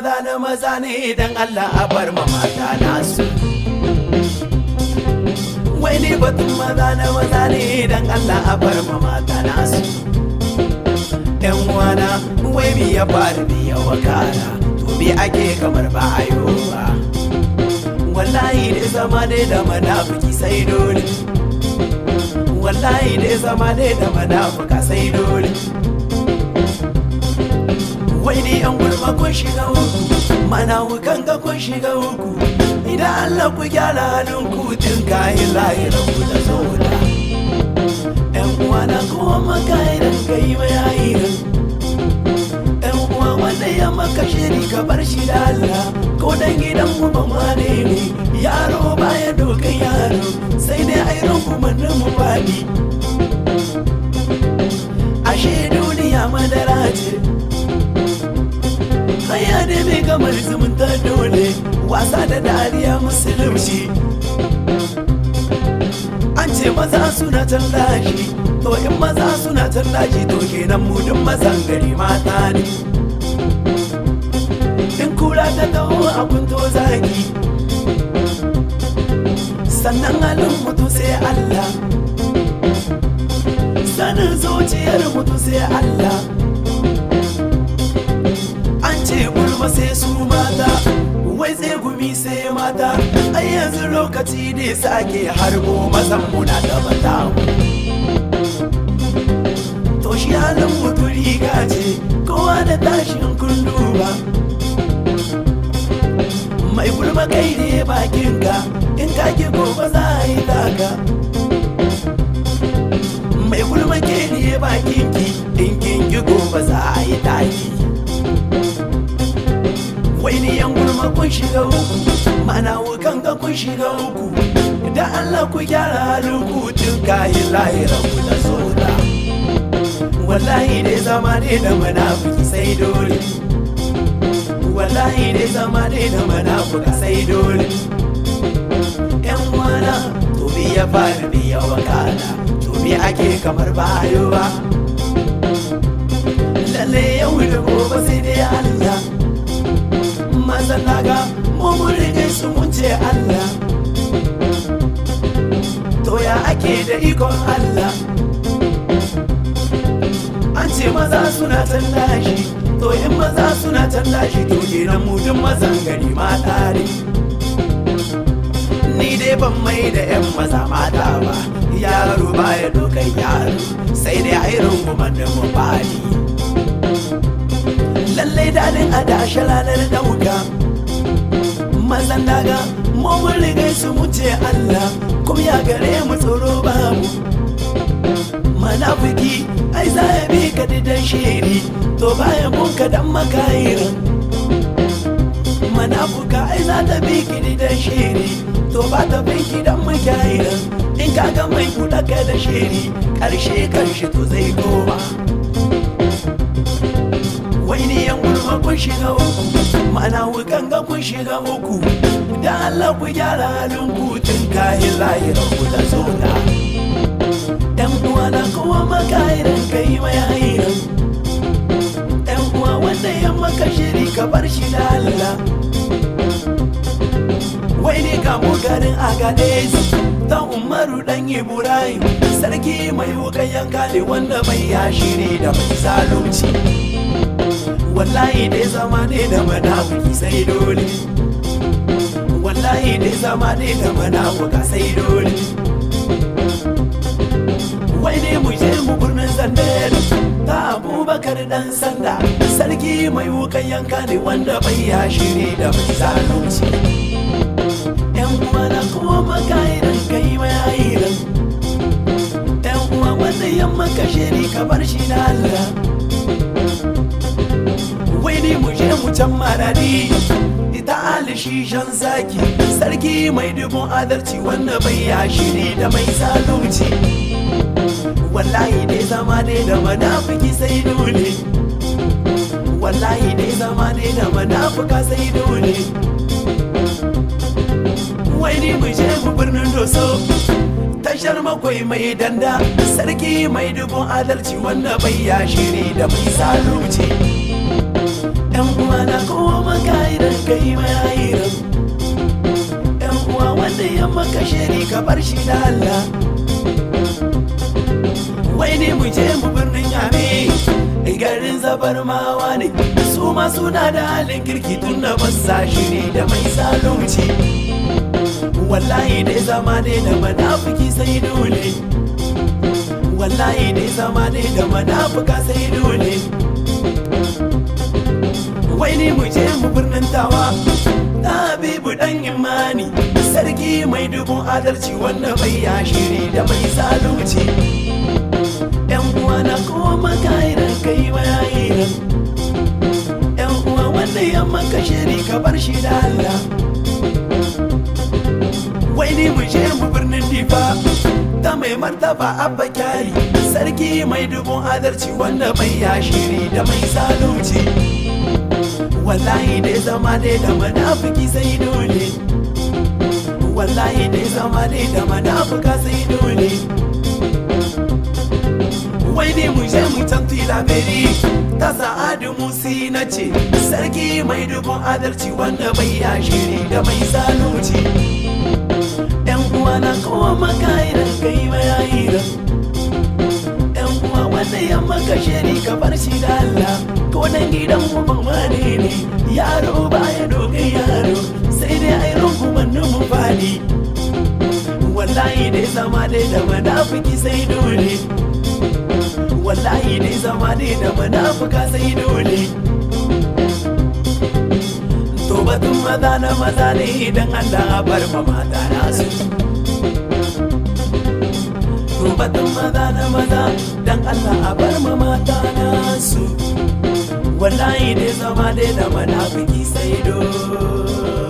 maza na maza ne dan Allah a bar ma mata nasu wai ne batun maza na maza ne dan Allah a bar ma mata nasu yan wana wai mi ya faru mi ya wakara to bi ake kamar ba a ba wallahi ne zama ne da manafiki sai dole wallahi ne zama ne da manafuka sai dole wai ni yan gulma kun shiga uku mana wukan ga kun shiga uku idan Allah ku gyara halin ku kayi lahiran ku da saboda yan uwa na kuma maka idan kai mai ayirin yan uwa wanda ya maka shiri ka bar shi da Allah ko dan gidan mu ba ma ne gamar zumunta dole wasa da dariya musulunci an ce maza suna tallafi, to in maza suna tallafi to kenan mu duk mazan gari mata ne in kura ta dawo abun to zaki sannan halin mutu sai Allah sanin zuciyar mutu sai Allah kuma sai su mata wai zai gumi sai mata a yanzu lokaci ne sake harbo mazan muna da mata to shi halin mutu riga ce kowa da tashin kundu ba mai gulma kai ne bakinka in ka ke gobe za a yi taka mai gulma kai ne bakin kun shiga uku mana wukan ga kun shiga uku da Allah ku gyara haluku tun kayi lahira ku da soda wallahi dai zama ne da munafiki sai dole wallahi dai zama ne da munafika sai dole yan wala to bi ya fara bi ya wakala to bi ake kamar bayo ba lalle yau da gobe sai dai ake da ikon Allah an ce maza suna tallashi to yin maza suna tallashi to na mutum mazan gari ma tare ni dai ban mai da yan maza mata ba yaro baya dokan yaro sai dai a irin kuma da mu lallai dalin a dashe ranar dauka mazan daga mun rigai su muce Allah ya gare mu tsoro babu manafiki ai za ya bi ka didan shiri to bayan kun ka dan makayirin manafuka ai za ta bi ki didan shiri to ba ta bin ki dan makayirin in ka ga mai kuɗa ka da shiri ƙarshe ƙarshe shi to zai koma yan gurma kun shiga uku mana wukan ga kun shiga uku da Allah ku gyara halin ku tun kayan lahirar ku da soda dan uwa na kowa makahirin kai mai hairin dan uwa wanda ya maka shiri ka bar shi da Allah wai ne ka garin agades dan umaru dan ibrahim sarki mai wukan yanka ne wanda mai yashiri da mai zalunci wallahi dai zama ne da madafuki sai dole wallahi dai zama ne da madafuka sai dole wai ne mu je mu birnin zandere ta abubakar dan sanda sarki mai wukan yanka ne wanda bai ya shiri da bai zalunci yan kuma na kuma makaidan kai mai aidan yan kuma wanda yamma kashe ne ka bar shi na allah wancan maradi ita alishi jan zaki sarki mai dubun adalci wanda bai yashi ne da mai zalunci wallahi dai zama ne da manafiki sai dole wallahi dai zama ne da manafuka sai dole wai ni mu je mu birnin doso tashar makwai mai danda sarki mai dubun adalci wanda bai yashi ne da mai zalunci yan uwa na kowa maka idan ka yi mai hairan yan uwa wanda ya maka shiri ka bar shi da Allah wai ne mu je mu birnin yami garin zabar mawa ne su ma suna da halin kirki tun da basa shi ne da mai zalunci wallahi dai zama ne da manafiki sai dole wallahi dai zama ne da manafuka sai dole wai muje mu je mu birnin tawa habibu dan imani sarki mai dubun adalci wanda bai ya shiri da mai zalunci yan uwa na koma kairan kai bayayi yan uwa wanda ya maka shiri ka bar shi da Allah wai muje mu je mu birnin difa ta mai martaba abba kyari sarki mai dubun adalci wanda bai ya shiri da mai zalunci wallahi dai zama dai da munafiki sai dole wallahi zama da sai dole wai ne mu je mu tantu labari ta sa'adu musi na ce sarki mai dubin adalci wanda bai yashiri da mai zalunci yan uwa na kowa maka idan kai mai yan uwa wanda ya maka shiri ka bar shi da zama dai da manafiki sai dole wallahi dai zama dai da manafuka sai dole to batun maza na maza ne idan an da bar ma mata nasu to batun maza na maza dan Allah a bar ma mata nasu wallahi dai zama dai da manafiki sai dole